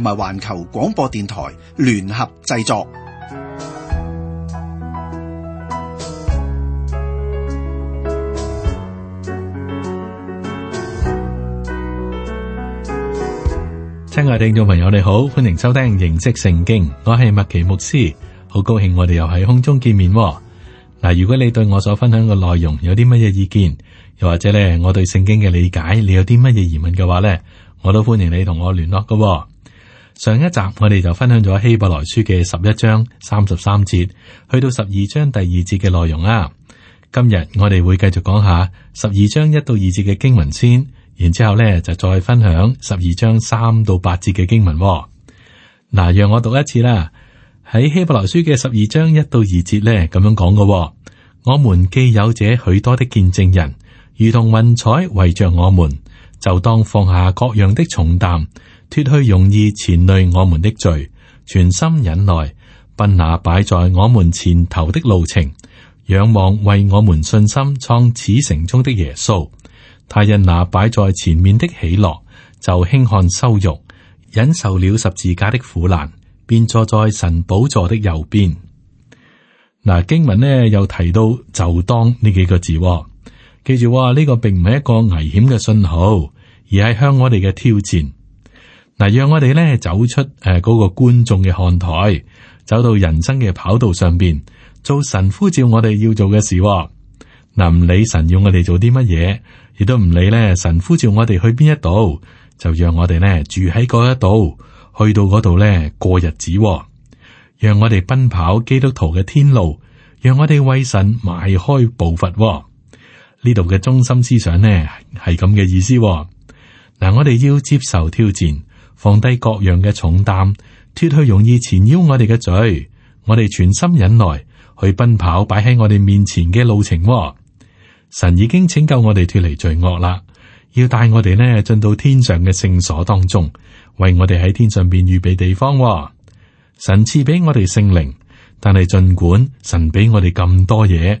同埋環球廣播電台聯合製作。親愛的聽眾朋友，你好，歡迎收聽《認識聖經》，我係麥奇牧師，好高興我哋又喺空中見面嗱。如果你對我所分享嘅內容有啲乜嘢意見，又或者咧我對聖經嘅理解，你有啲乜嘢疑問嘅話咧，我都歡迎你同我聯絡噶。上一集我哋就分享咗希伯來書嘅十一章三十三節，去到十二章第二節嘅內容啊。今日我哋會繼續講下十二章一到二節嘅經文先，然之後咧就再分享十二章三到八節嘅經文哦。嗱，啊，讓我讀一次啦。喺希伯來書嘅十二章一到二節咧咁樣講嘅哦，我們既有者許多的見證人，如同雲彩圍着我們，就當放下各樣的重擔。脫去容易纏累我們的罪，全心忍耐，奔那擺在我們前頭的路程，仰望為我們信心創始成終的耶穌。他因那擺在前面的喜樂，就輕看羞辱，忍受了十字架的苦難，便坐在神寶座的右邊。嗱，經文呢又提到就當呢幾個字，記住哇，呢個並唔係一個危險嘅信號，而係向我哋嘅挑戰。嗱，讓我哋咧走出誒嗰個觀眾嘅看台，走到人生嘅跑道上邊，做神呼召我哋要做嘅事、哦。嗱、啊，唔理神要我哋做啲乜嘢，亦都唔理咧神呼召我哋去邊一度，就讓我哋咧住喺嗰一度，去到嗰度咧過日子、哦。讓我哋奔跑基督徒嘅天路，讓我哋為神邁開步伐、哦。呢度嘅中心思想咧係咁嘅意思、哦。嗱、啊，我哋要接受挑戰。放低各樣嘅重擔，脫去容易纏繞我哋嘅罪，我哋全心忍耐去奔跑擺喺我哋面前嘅路程、哦。神已經拯救我哋脫離罪惡啦，要帶我哋呢進到天上嘅聖所當中，為我哋喺天上邊預備地方、哦。神賜俾我哋聖靈，但係儘管神俾我哋咁多嘢，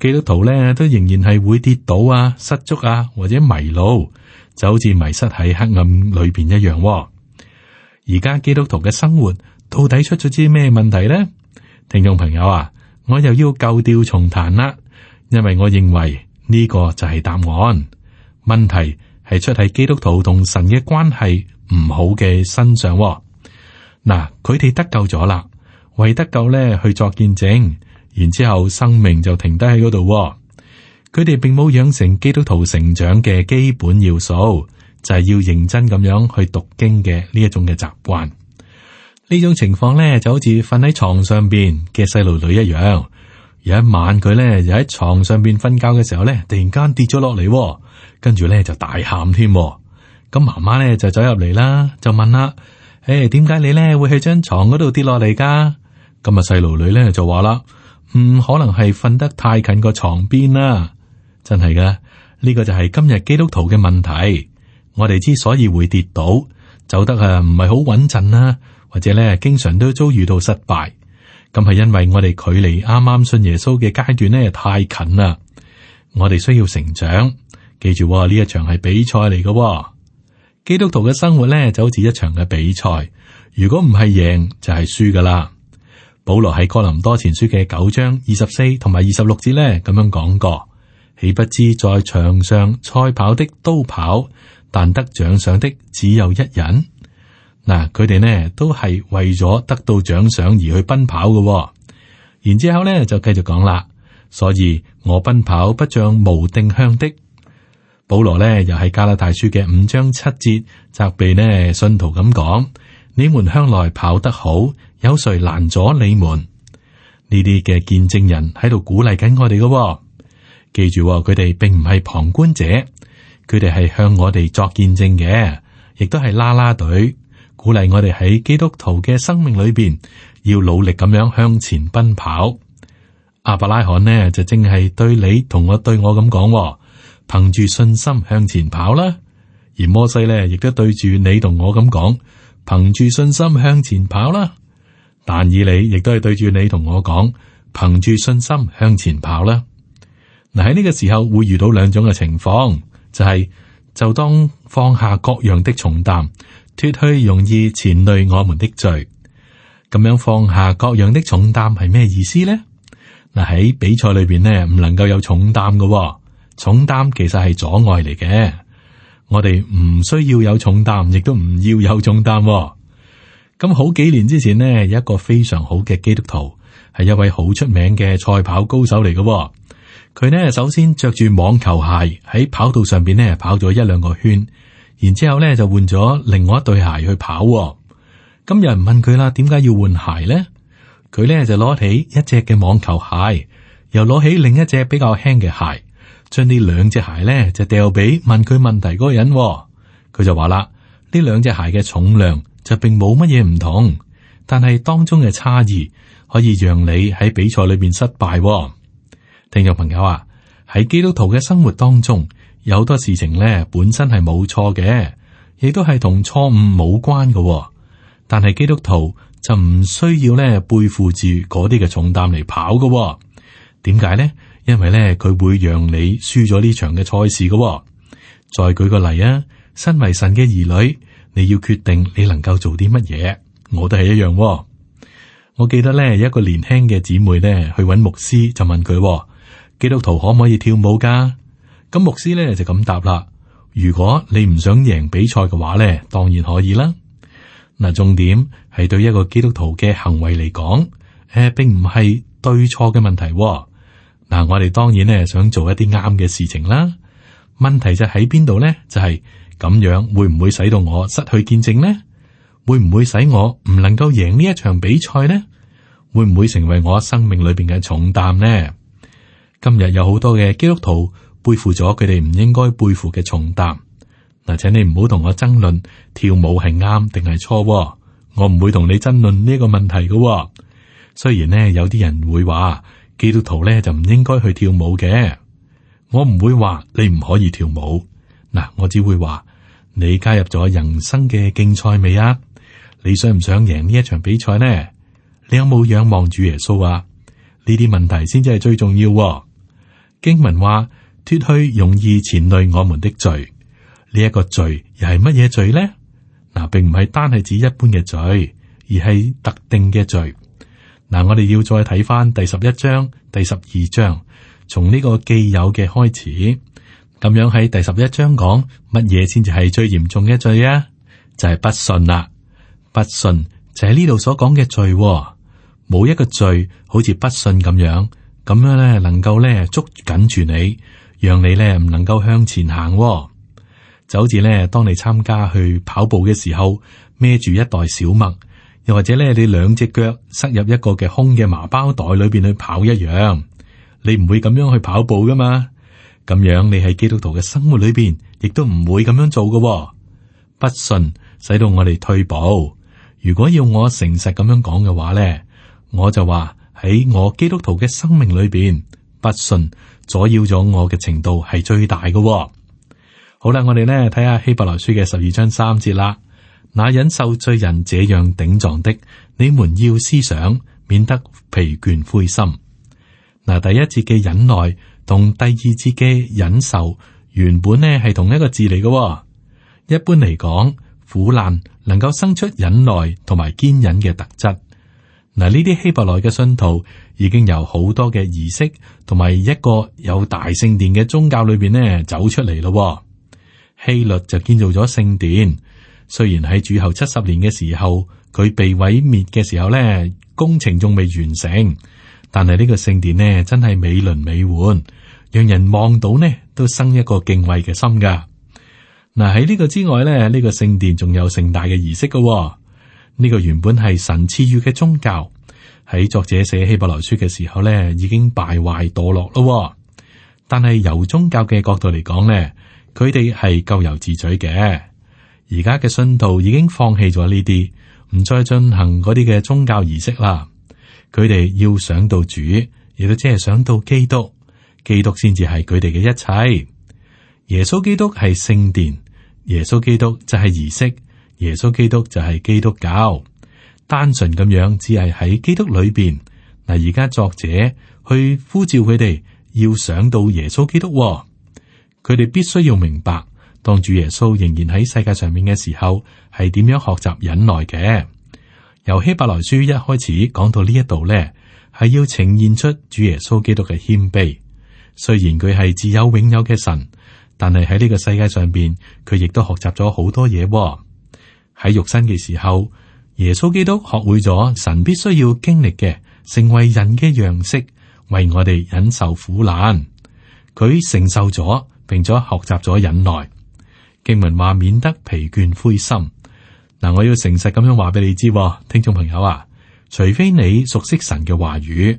基督徒呢都仍然係會跌倒啊、失足啊或者迷路，就好似迷失喺黑暗裏邊一樣、哦。而家基督徒嘅生活到底出咗啲咩問題呢？聽眾朋友啊，我又要舊調重彈啦，因為我認為呢個就係答案。問題係出喺基督徒同神嘅關係唔好嘅身上、哦。嗱，佢哋得救咗啦，為得救咧去作見證，然之後生命就停低喺嗰度。佢哋並冇養成基督徒成長嘅基本要素。就係要認真咁樣去讀經嘅呢一種嘅習慣。呢種情況咧，就好似瞓喺床上邊嘅細路女一樣。有一晚佢咧就喺床上邊瞓覺嘅時候咧，突然間跌咗落嚟，跟住咧就大喊添。咁媽媽咧就走入嚟啦，就問啦：，誒、哎，點解你咧會喺張床嗰度跌落嚟噶？咁阿細路女咧就話啦：，唔、嗯、可能係瞓得太近個床邊啦。真係噶，呢、這個就係今日基督徒嘅問題。我哋之所以會跌倒，走得啊唔係好穩陣啦，或者咧經常都遭遇到失敗，咁係因為我哋距離啱啱信耶穌嘅階段咧太近啦。我哋需要成長，記住，呢一場係比賽嚟噶喎。基督徒嘅生活咧就好似一場嘅比賽，如果唔係贏就係輸噶啦。保羅喺哥林多前書嘅九章二十四同埋二十六節咧咁樣講過，豈不知在場上賽跑的都跑。但得獎賞的只有一人，嗱，佢哋呢都係為咗得到獎賞而去奔跑嘅。哦，然之後呢就繼續講啦。所以我奔跑不像無定向的保羅呢，又係加拉太書嘅五章七節責備呢信徒咁講：你們向來跑得好，有誰攔咗你們？呢啲嘅見證人喺度鼓勵緊我哋嘅。哦，記住佢，哦、哋並唔係旁觀者。佢哋係向我哋作見證嘅，亦都係啦啦隊，鼓勵我哋喺基督徒嘅生命裏邊要努力咁樣向前奔跑。亞伯拉罕呢就正係對你同我對我咁講，憑住信心向前跑啦。而摩西呢亦都對住你同我咁講，憑住信心向前跑啦。但以理亦都係對住你同我講，憑住信心向前跑啦。嗱，喺呢個時候會遇到兩種嘅情況。就係、是、就當放下各樣的重擔，脱去容易纏累我們的罪。咁樣放下各樣的重擔係咩意思呢？嗱，喺比賽裏邊呢，唔能夠有重擔嘅、哦，重擔其實係阻礙嚟嘅。我哋唔需要有重擔，亦都唔要有重擔、哦。咁好幾年之前呢，有一個非常好嘅基督徒，係一位好出名嘅賽跑高手嚟嘅、哦。佢呢，首先着住網球鞋喺跑道上邊呢跑咗一兩個圈，然之後呢就換咗另外一對鞋去跑喎。咁有人問佢啦，點解要換鞋呢？呢，佢呢就攞起一隻嘅網球鞋，又攞起另一隻比較輕嘅鞋，將呢兩隻鞋呢就掉俾問佢問題嗰個人喎。佢就話啦，呢兩隻鞋嘅重量就並冇乜嘢唔同，但係當中嘅差異可以讓你喺比賽裏面失敗喎。聽眾朋友啊，喺基督徒嘅生活當中，有好多事情咧，本身係冇錯嘅，亦都係同錯誤冇關嘅，哦。但係基督徒就唔需要咧背負住嗰啲嘅重擔嚟跑嘅，哦。點解咧？因為咧佢會讓你輸咗呢場嘅賽事嘅，哦。再舉個例啊，身為神嘅兒女，你要決定你能夠做啲乜嘢，我都係一樣，哦。我記得咧，一個年輕嘅姊妹咧去揾牧師，就問佢，哦。基督徒可唔可以跳舞噶？咁牧師咧就咁答啦。如果你唔想贏比賽嘅話咧，當然可以啦。嗱，重點係對一個基督徒嘅行為嚟講，誒、呃，並唔係對錯嘅問題，哦。嗱，我哋當然咧想做一啲啱嘅事情啦。問題就喺邊度咧？就係、是、咁樣會唔會使到我失去見證咧？會唔會使我唔能夠贏呢一場比賽咧？會唔會成為我生命裏邊嘅重擔咧？今日有好多嘅基督徒背負咗佢哋唔應該背負嘅重擔。嗱，請你唔好同我爭論跳舞係啱定係錯，我唔會同你爭論呢個問題嘅。雖然呢，有啲人會話基督徒咧就唔應該去跳舞嘅，我唔會話你唔可以跳舞。嗱，我只會話你加入咗人生嘅競賽未啊？你想唔想贏呢一場比賽呢？你有冇仰望住耶穌啊？呢啲問題先至係最重要。經文話脫去容易纏累我們的罪呢一、這個罪又係乜嘢罪呢？嗱、啊，並唔係單係指一般嘅罪，而係特定嘅罪。嗱、啊，我哋要再睇翻第十一章、第十二章，從呢個既有嘅開始。咁樣喺第十一章講乜嘢先至係最嚴重嘅罪啊？就係、是、不信啦，不信就係呢度所講嘅罪、哦。冇一個罪好似不信咁樣。咁樣咧，能夠咧捉緊住你，讓你咧唔能夠向前行喎。就好似咧，當你參加去跑步嘅時候，孭住一袋小麥，又或者咧，你兩隻腳塞入一個嘅空嘅麻包袋裏邊去跑一樣，你唔會咁樣去跑步噶嘛。咁樣你喺基督徒嘅生活裏邊，亦都唔會咁樣做噶喎。不信，使到我哋退步。如果要我誠實咁樣講嘅話咧，我就話。喺我基督徒嘅生命裏邊，不信阻擾咗我嘅程度係最大嘅，哦。好啦，我哋呢睇下希伯來書嘅十二章三節啦。那忍受罪人這樣頂撞的，你們要思想，免得疲倦灰心。嗱，第一節嘅忍耐同第二節嘅忍受，原本呢係同一個字嚟嘅，哦。一般嚟講，苦難能夠生出忍耐同埋堅忍嘅特質。嗱，呢啲希伯來嘅信徒已經有好多嘅儀式，同埋一個有大聖殿嘅宗教裏邊咧走出嚟咯、哦。希律就建造咗聖殿，雖然喺主後七十年嘅時候佢被毀滅嘅時候咧，工程仲未完成，但係呢個聖殿咧真係美輪美奐，讓人望到咧都生一個敬畏嘅心噶。嗱，喺呢個之外咧，呢、呢個聖殿仲有盛大嘅儀式嘅、哦。呢個原本係神賜予嘅宗教，喺作者寫希伯來書嘅時候咧，已經敗壞墮落咯。但係由宗教嘅角度嚟講咧，佢哋係咎由自取嘅。而家嘅信徒已經放棄咗呢啲，唔再進行嗰啲嘅宗教儀式啦。佢哋要想到主，亦都即係想到基督，基督先至係佢哋嘅一切。耶穌基督係聖殿，耶穌基督就係儀式。耶穌基督就係基督教，單純咁樣只係喺基督裏邊嗱。而家作者去呼召佢哋，要想到耶穌基督哦。佢哋必須要明白，當主耶穌仍然喺世界上面嘅時候，係點樣學習忍耐嘅。由希伯來書一開始講到呢一度咧，係要呈現出主耶穌基督嘅謙卑。雖然佢係自有永有嘅神，但係喺呢個世界上邊，佢亦都學習咗好多嘢哦。喺肉身嘅時候，耶穌基督學會咗神必須要經歷嘅成為人嘅樣式，為我哋忍受苦難。佢承受咗，並且學習咗忍耐。經文話，免得疲倦灰心。嗱，我要誠實咁樣話俾你知，聽眾朋友啊，除非你熟悉神嘅話語，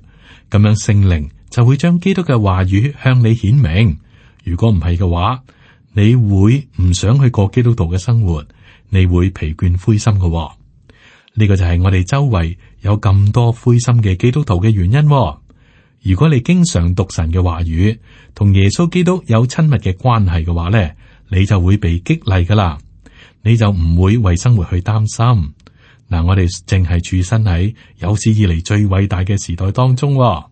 咁樣聖靈就會將基督嘅話語向你顯明。如果唔係嘅話，你會唔想去過基督徒嘅生活。你會疲倦灰心嘅、哦，呢、這個就係我哋周圍有咁多灰心嘅基督徒嘅原因、哦。如果你經常讀神嘅話語，同耶穌基督有親密嘅關係嘅話咧，你就會被激勵噶啦，你就唔會為生活去擔心。嗱、呃，我哋淨係處身喺有史以嚟最偉大嘅時代當中、哦。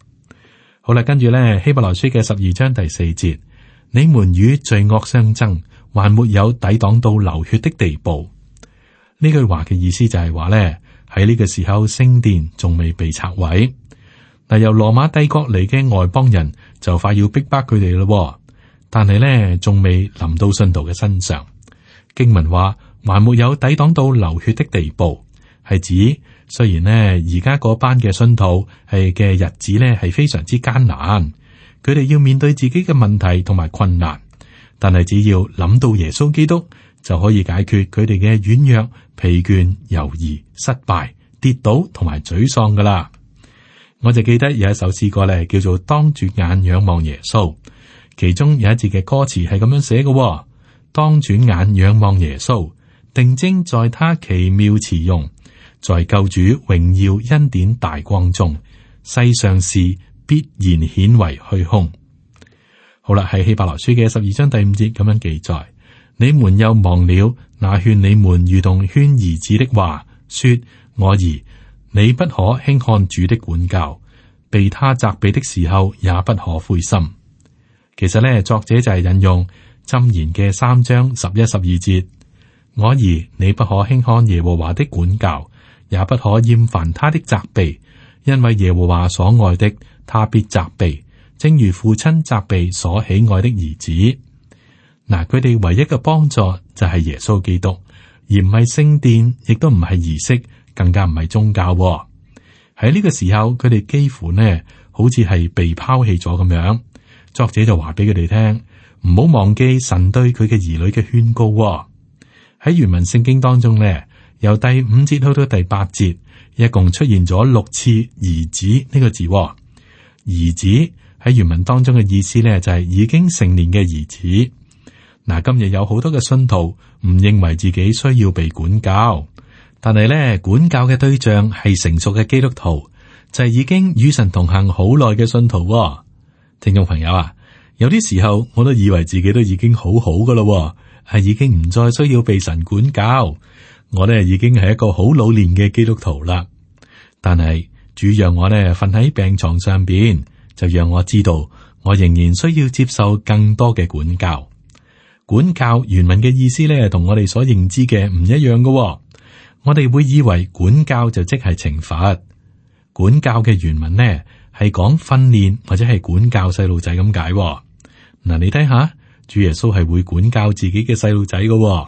好啦，跟住咧希伯來書嘅十二章第四節，你們與罪惡相爭。還沒有抵擋到流血的地步，呢句話嘅意思就係話咧，喺呢個時候聖殿仲未被拆毀，但由羅馬帝國嚟嘅外邦人就快要逼迫佢哋咯，但係咧仲未臨到信徒嘅身上。經文話還沒有抵擋到流血的地步，係指雖然呢而家嗰班嘅信徒係嘅日子咧係非常之艱難，佢哋要面對自己嘅問題同埋困難。但係只要諗到耶穌基督，就可以解決佢哋嘅軟弱、疲倦、猶豫、失敗、跌倒同埋沮喪噶啦。我就記得有一首詩歌咧，叫做《當轉眼仰望耶穌》，其中有一節嘅歌詞係咁樣寫嘅哦：當轉眼仰望耶穌，定睛在他奇妙慈容，在救主榮耀恩典大光中，世上事必然顯為虛空。好啦，係希伯來書嘅十二章第五節咁樣記載：你們又忘了那勸你們如同勸兒子的話，說：我兒，你不可輕看主的管教，被他責備的時候，也不可灰心。其實呢，作者就係引用箴言嘅三章十一、十二節：我兒，你不可輕看耶和華的管教，也不可厭煩他的責備，因為耶和華所愛的，他必責備。正如父親責備所喜愛的兒子，嗱佢哋唯一嘅幫助就係耶穌基督，而唔係聖殿，亦都唔係儀式，更加唔係宗教。喺呢個時候，佢哋幾乎呢好似係被拋棄咗咁樣。作者就話俾佢哋聽，唔好忘記神對佢嘅兒女嘅勸告。喺原文聖經當中呢，由第五節去到第八節，一共出現咗六次“兒子”呢個字，兒子。喺原文當中嘅意思呢，就係已經成年嘅兒子。嗱，今日有好多嘅信徒唔認為自己需要被管教，但係呢，管教嘅對象係成熟嘅基督徒，就係已經與神同行好耐嘅信徒。聽眾朋友啊，有啲時候我都以為自己都已經好好噶啦，係已經唔再需要被神管教，我呢已經係一個好老練嘅基督徒啦。但係主讓我呢瞓喺病床上邊。就讓我知道，我仍然需要接受更多嘅管教。管教原文嘅意思咧，同我哋所認知嘅唔一樣嘅、哦。我哋會以為管教就即係懲罰。管教嘅原文呢，係講訓練或者係管教細路仔咁解。嗱、啊，你睇下，主耶穌係會管教自己嘅細路仔嘅。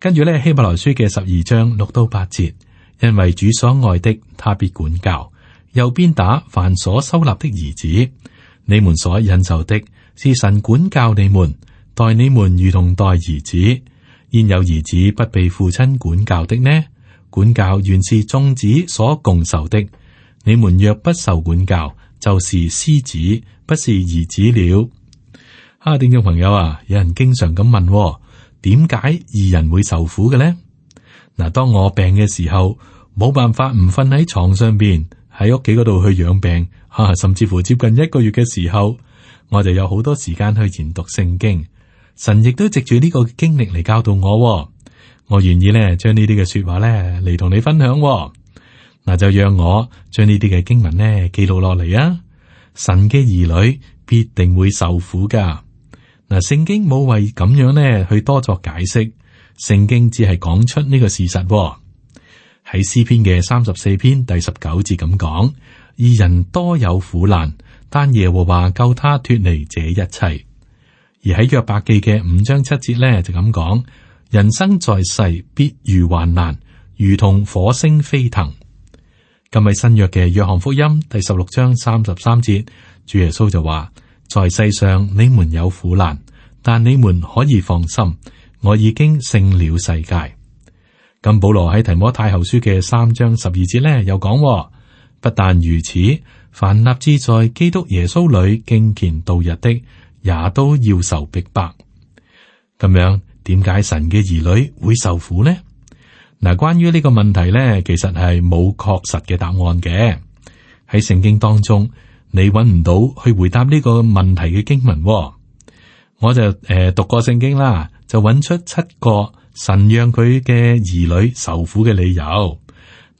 跟住咧，希伯來書嘅十二章六到八節，因為主所愛的，他必管教。又鞭打凡所收納的兒子，你們所忍受的，是神管教你們，待你們如同待兒子。焉有兒子不被父親管教的呢？管教原是眾子所共受的。你們若不受管教，就是私子，不是兒子了。哈！聽眾朋友啊，有人經常咁問喎：「點解義人會受苦嘅呢？」嗱，當我病嘅時候，冇辦法唔瞓喺床上邊。喺屋企嗰度去養病，哈、啊，甚至乎接近一個月嘅時候，我就有好多時間去研讀聖經。神亦都藉住呢個經歷嚟教導我，我願意咧將呢啲嘅說話咧嚟同你分享。嗱、啊，就讓我將呢啲嘅經文咧記錄落嚟啊！神嘅兒女必定會受苦㗎。嗱、啊，聖經冇為咁樣咧去多作解釋，聖經只係講出呢個事實。啊喺詩篇嘅三十四篇第十九節咁講，二人多有苦難，但耶和華救他脱離這一切。而喺約伯記嘅五章七節咧就咁講，人生在世必遇患難，如同火星飛騰。今日新約嘅約翰福音第十六章三十三節，主耶穌就話：在世上你們有苦難，但你們可以放心，我已經勝了世界。咁保羅喺提摩太後書嘅三章十二節咧，又講：不但如此，凡立志在基督耶穌裏敬虔度日的，也都要受逼迫。咁樣，點解神嘅兒女會受苦呢？嗱，關於呢個問題咧，其實係冇確實嘅答案嘅。喺聖經當中，你揾唔到去回答呢個問題嘅經文，哦。我就誒、呃、讀過聖經啦，就揾出七個。神讓佢嘅兒女受苦嘅理由，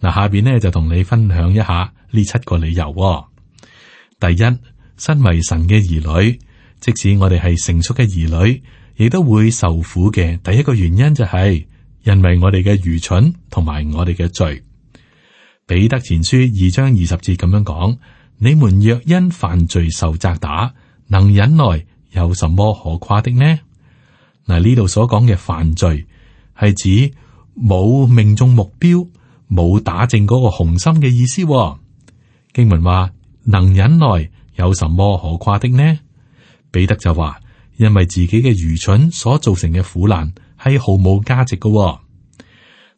嗱，下邊呢，就同你分享一下呢七個理由喎。第一，身為神嘅兒女，即使我哋係成熟嘅兒女，亦都會受苦嘅。第一個原因就係因為我哋嘅愚蠢同埋我哋嘅罪。彼得前書二章二十節咁樣講：「你們若因犯罪受責打，能忍耐，有什麼可誇的呢？」嗱，呢度所講嘅犯罪。係指冇命中目標，冇打正嗰個紅心嘅意思、哦、經文話，能忍耐，有什麼可誇的呢？彼得就話，因為自己嘅愚蠢所造成嘅苦難係毫無價值嘅㗎喎。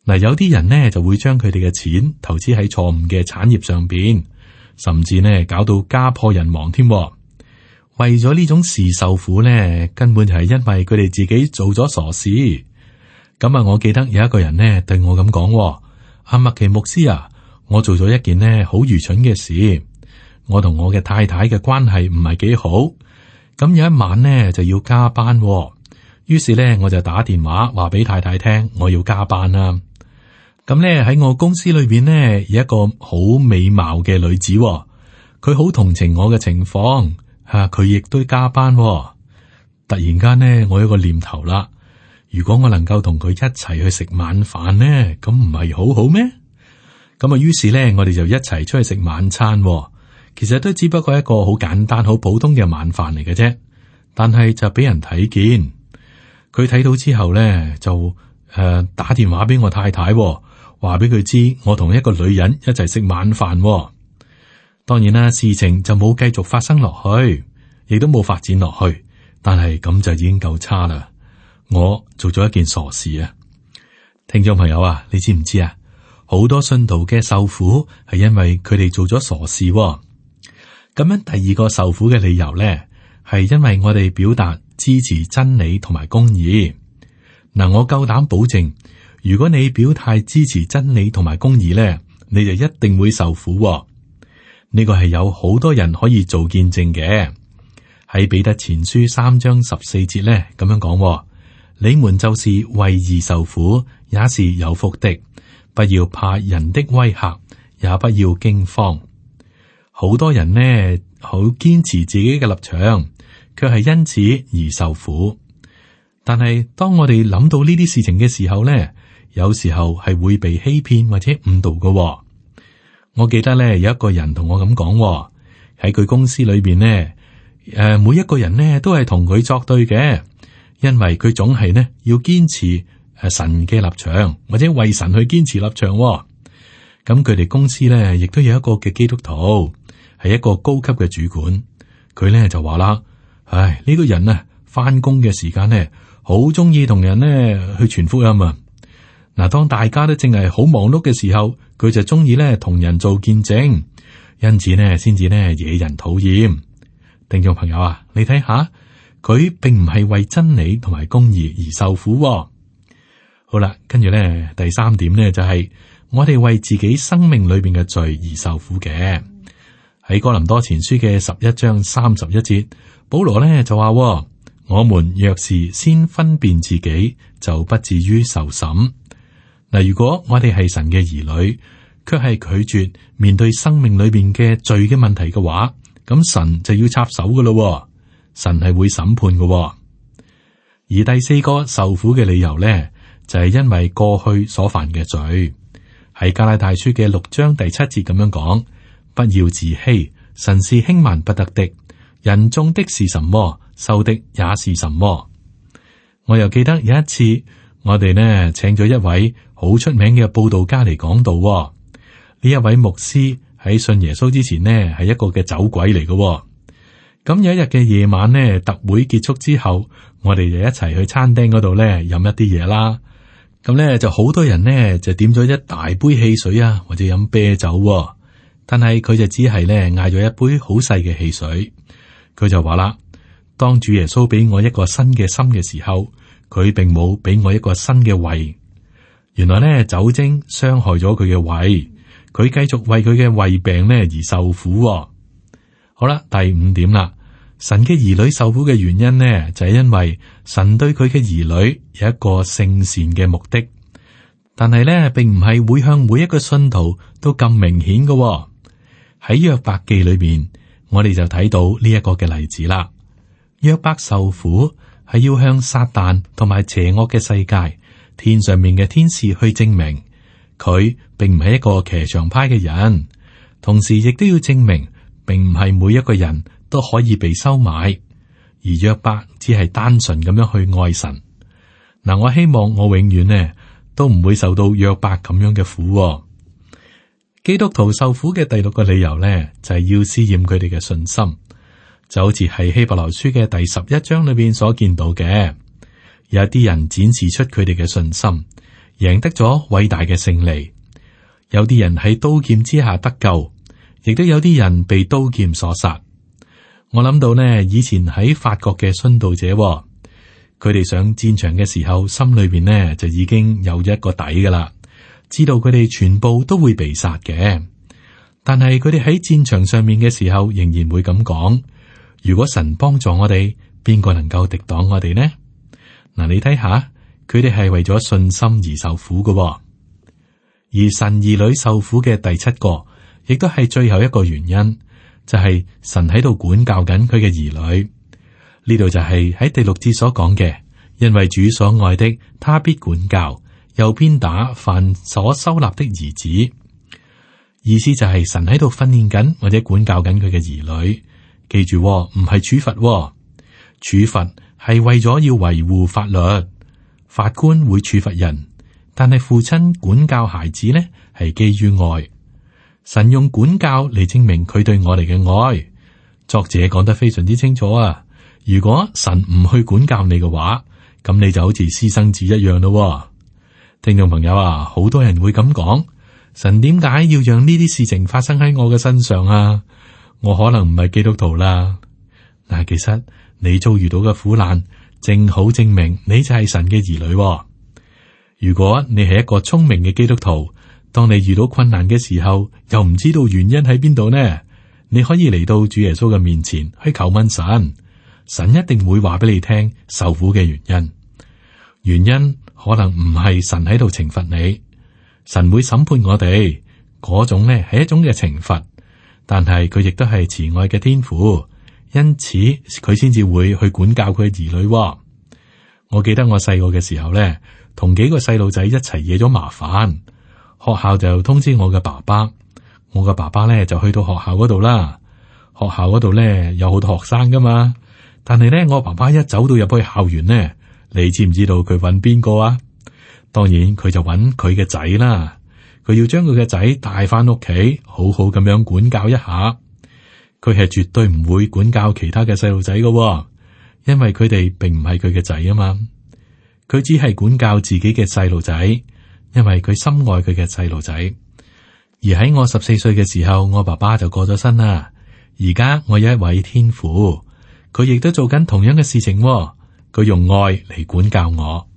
嗱，有啲人呢就會將佢哋嘅錢投資喺錯誤嘅產業上邊，甚至呢搞到家破人亡添、哦。為咗呢種事受苦呢，根本就係因為佢哋自己做咗傻事。咁啊！我記得有一個人咧，對我咁講、哦：阿、啊、麥奇牧師啊，我做咗一件呢好愚蠢嘅事。我同我嘅太太嘅關係唔係幾好。咁有一晚呢就要加班、哦，於是呢，我就打電話話俾太太聽我要加班啦。咁呢，喺我公司裏邊呢，有一個好美貌嘅女子、哦，佢好同情我嘅情況吓，佢、啊、亦都加班、哦。突然間呢，我有一個念頭啦。如果我能夠同佢一齊去食晚飯呢，咁唔係好好咩？咁啊，於是呢，我哋就一齊出去食晚餐。其實都只不過一個好簡單、好普通嘅晚飯嚟嘅啫。但係就俾人睇見，佢睇到之後呢，就、呃、誒打電話俾我太太，話俾佢知我同一個女人一齊食晚飯。當然啦，事情就冇繼續發生落去，亦都冇發展落去。但係咁就已經夠差啦。我做咗一件傻事啊！聽眾朋友啊，你知唔知啊？好多信徒嘅受苦係因為佢哋做咗傻事、啊。咁樣第二個受苦嘅理由咧，係因為我哋表達支持真理同埋公義。嗱、呃，我夠膽保證，如果你表態支持真理同埋公義咧，你就一定會受苦、啊。呢、這個係有好多人可以做見證嘅。喺彼得前書三章十四節咧，咁樣講、啊。你們就是為義而受苦，也是有福的。不要怕人的威嚇，也不要驚慌。好多人呢，好堅持自己嘅立場，卻係因此而受苦。但係當我哋諗到呢啲事情嘅時候呢，有時候係會被欺騙或者誤導嘅、哦。我記得呢，有一個人同我咁講，喺佢公司裏邊呢，誒、呃，每一個人呢，都係同佢作對嘅。因為佢總係呢要堅持誒神嘅立場，或者為神去堅持立場喎。咁佢哋公司咧，亦都有一個嘅基督徒，係一個高級嘅主管。佢咧就話啦：「唉，呢個人啊，翻工嘅時間呢，好中意同人呢去傳福音啊。嗱，當大家都淨係好忙碌嘅時候，佢就中意咧同人做見證，因此呢，先至呢惹人討厭。聽眾朋友啊，你睇下。佢並唔係為真理同埋公義而受苦、哦。好啦，跟住咧，第三點咧就係、是、我哋為自己生命裏邊嘅罪而受苦嘅。喺哥林多前書嘅十一章三十一節，保羅咧就話、哦：我們若是先分辨自己，就不至於受審。嗱，如果我哋係神嘅兒女，卻係拒絕面對生命裏邊嘅罪嘅問題嘅話，咁神就要插手㗎喇、哦。神係會審判嘅、哦，而第四個受苦嘅理由咧，就係、是、因為過去所犯嘅罪。喺加拉太書嘅六章第七節咁樣講：不要自欺，神是輕慢不得的。人種的是什麼，受的也是什麼。我又記得有一次我，我哋呢請咗一位好出名嘅佈道家嚟講道、哦。呢一位牧師喺信耶穌之前呢，係一個嘅走鬼嚟嘅、哦。咁有一日嘅夜晚咧，特會結束之後，我哋就一齊去餐廳嗰度咧飲一啲嘢啦。咁咧就好多人呢，就點咗一大杯汽水啊，或者飲啤酒喎。但係佢就只係咧嗌咗一杯好細嘅汽水。佢就話啦：當主耶穌俾我一個新嘅心嘅時候，佢並冇俾我一個新嘅胃。原來咧酒精傷害咗佢嘅胃，佢繼續為佢嘅胃病咧而受苦喎。好啦，第五點啦，神嘅兒女受苦嘅原因呢，就係、是、因為神對佢嘅兒女有一個聖善嘅目的，但係咧並唔係會向每一個信徒都咁明顯嘅、哦。喺約伯記裏面，我哋就睇到呢一個嘅例子啦。約伯受苦係要向撒旦同埋邪惡嘅世界、天上面嘅天使去證明，佢並唔係一個騎牆派嘅人，同時亦都要證明。並唔係每一個人都可以被收買，而約伯只係單純咁樣去愛神。嗱、啊，我希望我永遠呢都唔會受到約伯咁樣嘅苦、哦。基督徒受苦嘅第六個理由呢，就係、是、要試驗佢哋嘅信心，就好似喺希伯來書嘅第十一章裏邊所見到嘅，有啲人展示出佢哋嘅信心，贏得咗偉大嘅勝利；有啲人喺刀劍之下得救。亦都有啲人被刀劍所殺，我諗到呢，以前喺法國嘅殉道者，佢哋上戰場嘅時候，心裏邊呢就已經有一個底㗎喇，知道佢哋全部都會被殺嘅。但係佢哋喺戰場上面嘅時候，仍然會咁講：如果神幫助我哋，邊個能夠敵擋我哋呢？嗱，你睇下，佢哋係為咗信心而受苦嘅，而神兒女受苦嘅第七個。亦都係最後一個原因，就係、是、神喺度管教緊佢嘅兒女。呢度就係喺第六節所講嘅，因為主所愛的，他必管教，又鞭打凡所收納的兒子。意思就係神喺度訓練緊或者管教緊佢嘅兒女。記住、哦，唔係處罰、哦，處罰係為咗要維護法律。法官會處罰人，但係父親管教孩子呢，係基於愛。神用管教嚟證明佢對我哋嘅愛。作者講得非常之清楚啊！如果神唔去管教你嘅話，咁你就好似私生子一樣咯。聽眾朋友啊，好多人會咁講：神點解要讓呢啲事情發生喺我嘅身上啊？我可能唔係基督徒啦。嗱，其實你遭遇到嘅苦難，正好證明你就係神嘅兒女。如果你係一個聰明嘅基督徒。當你遇到困難嘅時候，又唔知道原因喺邊度呢？你可以嚟到主耶穌嘅面前去求問神，神一定會話俾你聽受苦嘅原因。原因可能唔係神喺度懲罰你，神會審判我哋。嗰種呢係一種嘅懲罰，但係佢亦都係慈愛嘅天父，因此佢先至會去管教佢嘅兒女哦。我記得我細個嘅時候咧，同幾個細路仔一齊惹咗麻煩。學校就通知我嘅爸爸，我嘅爸爸咧就去到學校嗰度啦。學校嗰度咧有好多學生噶嘛，但係咧我爸爸一走到入去校園咧，你知唔知道佢揾邊個啊？當然佢就揾佢嘅仔啦，佢要將佢嘅仔帶翻屋企，好好咁樣管教一下。佢係絕對唔會管教其他嘅細路仔噶，因為佢哋並唔係佢嘅仔啊嘛。佢只係管教自己嘅細路仔。因為佢深愛佢嘅細路仔，而喺我十四歲嘅時候，我爸爸就過咗身啦。而家我有一位天父，佢亦都做緊同樣嘅事情，哦。佢用愛嚟管教我。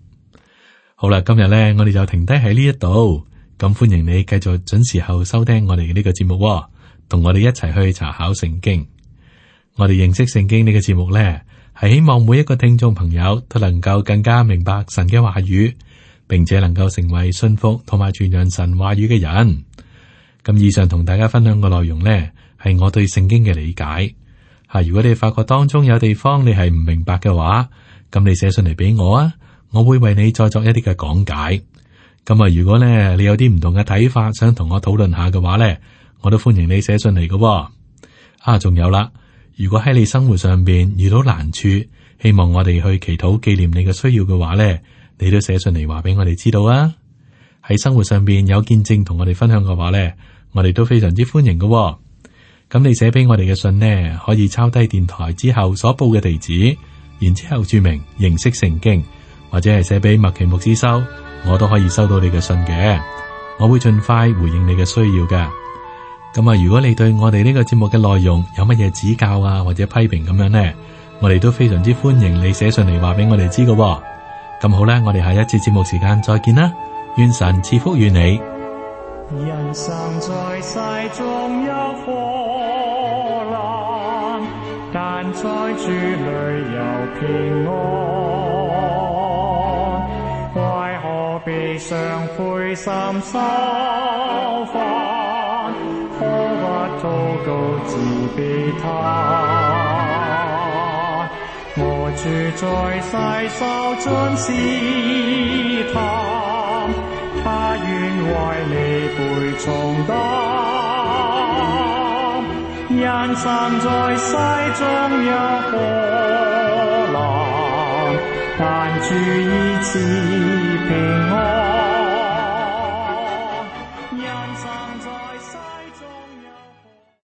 好啦，今日呢，我哋就停低喺呢一度。咁歡迎你繼續準時候收聽我哋嘅呢個節目，哦，同我哋一齊去查考聖經。我哋認識聖經呢個節目呢，係希望每一個聽眾朋友都能夠更加明白神嘅話語。並且能夠成為信服同埋傳揚神話語嘅人。咁以上同大家分享嘅內容呢，係我對聖經嘅理解。吓，如果你發覺當中有地方你係唔明白嘅話，咁你寫信嚟俾我啊，我會為你再作一啲嘅講解。咁啊，如果呢，你有啲唔同嘅睇法，想同我討論下嘅話呢，我都歡迎你寫信嚟嘅。啊，仲有啦，如果喺你生活上邊遇到難處，希望我哋去祈禱紀念你嘅需要嘅話呢。你都寫信嚟話俾我哋知道啊！喺生活上邊有見證同我哋分享嘅話呢，我哋都非常之歡迎嘅、哦。咁你寫俾我哋嘅信呢，可以抄低電台之後所報嘅地址，然之後注明認識聖經，或者係寫俾麥奇牧師收，我都可以收到你嘅信嘅。我會盡快回應你嘅需要嘅。咁啊，如果你對我哋呢個節目嘅內容有乜嘢指教啊，或者批評咁樣呢，我哋都非常之歡迎你寫信嚟話俾我哋知嘅、哦。咁好啦，我哋下一次節目時間再見啦，願神賜福於你。人生在世中，有但住旅遊平安。何悲傷灰心，可不告自悲嘆。住在世受盡試探，他願為你背重擔。人生在世中有波瀾，但注意自平安。